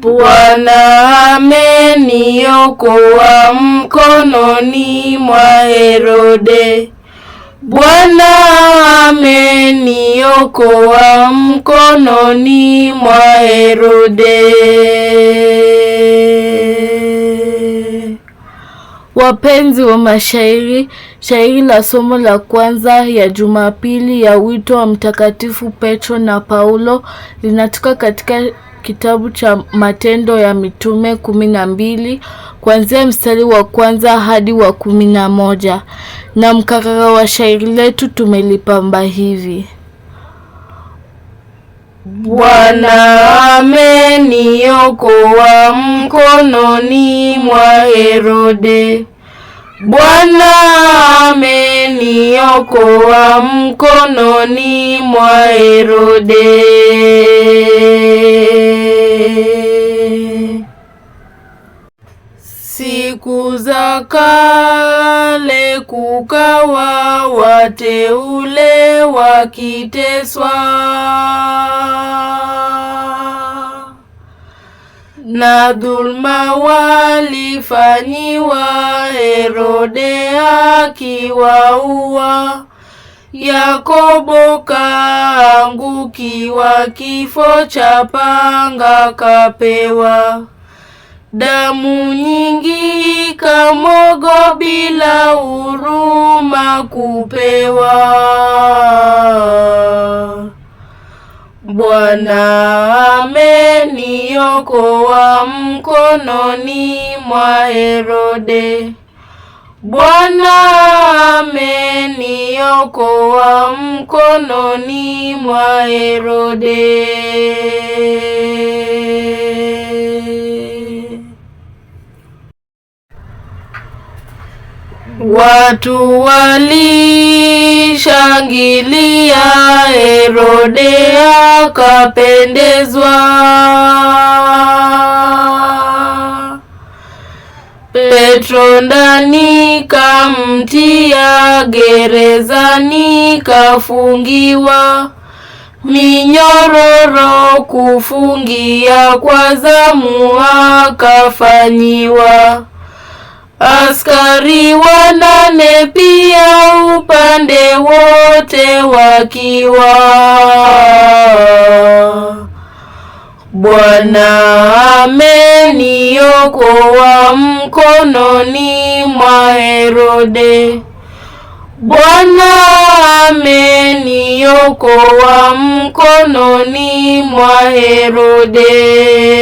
Bwana ameniokoa mkononi mwa Herode. Bwana ameniokoa mkononi mwa Herode. Wapenzi wa mashairi, shairi la somo la kwanza ya Jumapili ya wito wa Mtakatifu Petro na Paulo linatoka katika kitabu cha Matendo ya Mitume kumi na mbili kuanzia mstari wa kwanza hadi wa kumi na moja na mkarara wa shairi letu tumelipamba hivi: Bwana ameniokoa mkononi mwa Herode. Bwana ame niokoa mkononi mwa Herode. Siku za kale kukawa wateule wakiteswa na dhulma walifanyiwa, Herode akiwaua, Yakobo kaangukiwa, kifo cha panga kapewa, damu nyingi kamogo, bila huruma kupewa Bwana ameniokoa mkononi mwa Herode. Bwana ameniokoa mkononi mwa Herode. Watu walishangilia, Herode akapendezwa. Petro ndani kamtia, gerezani kafungiwa. Minyororo kufungia, kwa zamu akafanyiwa. Askari wana pia upande wote wakiwa Bwana ameniokoa mkononi mwa Herode. Bwana ameniokoa mkononi mwa Herode.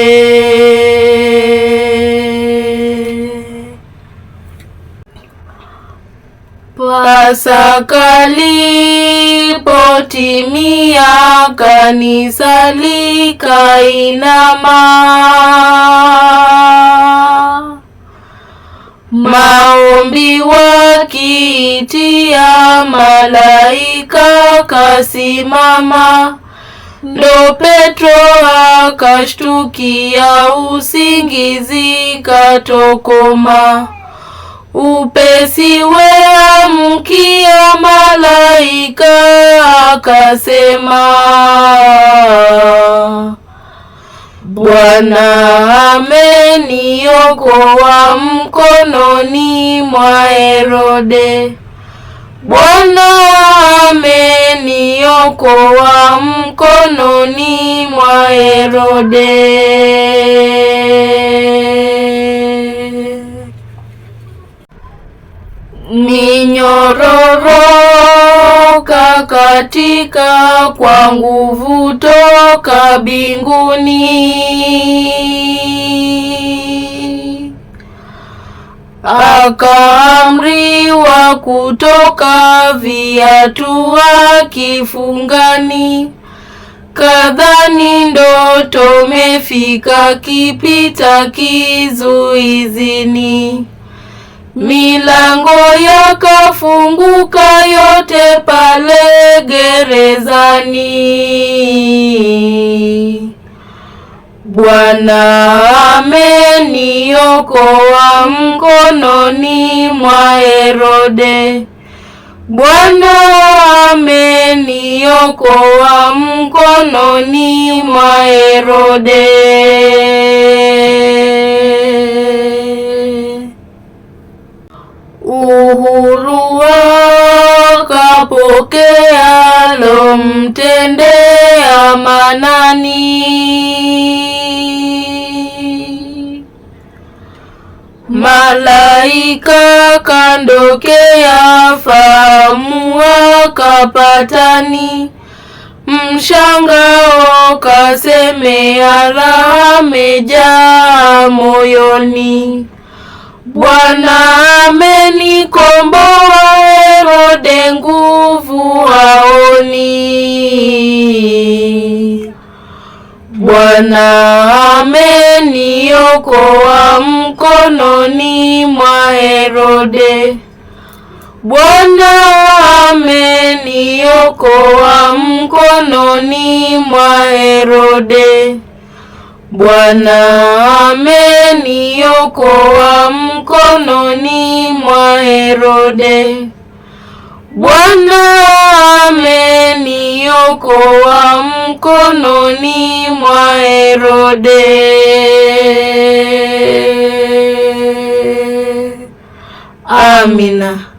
Sasa kalipotimia, kanisa likainama, maombi wakiitia, malaika kasimama. Ndo Petro akashtukia, usingizi katokoma upesi we amkia malaika akasema, Bwana ameniokoa mkononi mwa Herode. Bwana ameniokoa mkononi mwa Herode. katika kwa nguvu toka binguni akaamriwa kutoka viatu kifungani kadhani ndoto mefika, kipita kizuizini, milango yakafunguka yo wote pale gerezani. Bwana ameniokoa mkononi mwa Herode. Bwana ameniokoa mkononi mwa Herode. Maskani, malaika kandokea, fahamu wakapatani, mshangao kasemea, raha amejaa moyoni, Bwana amenikomboa kuokoa mkononi mwa Herode. Bwana ameniokoa mkononi mwa Herode. Bwana ameniokoa mkononi mwa Herode. Bwana, Bwana ameniokoa mkononi mwa Herode. Amina.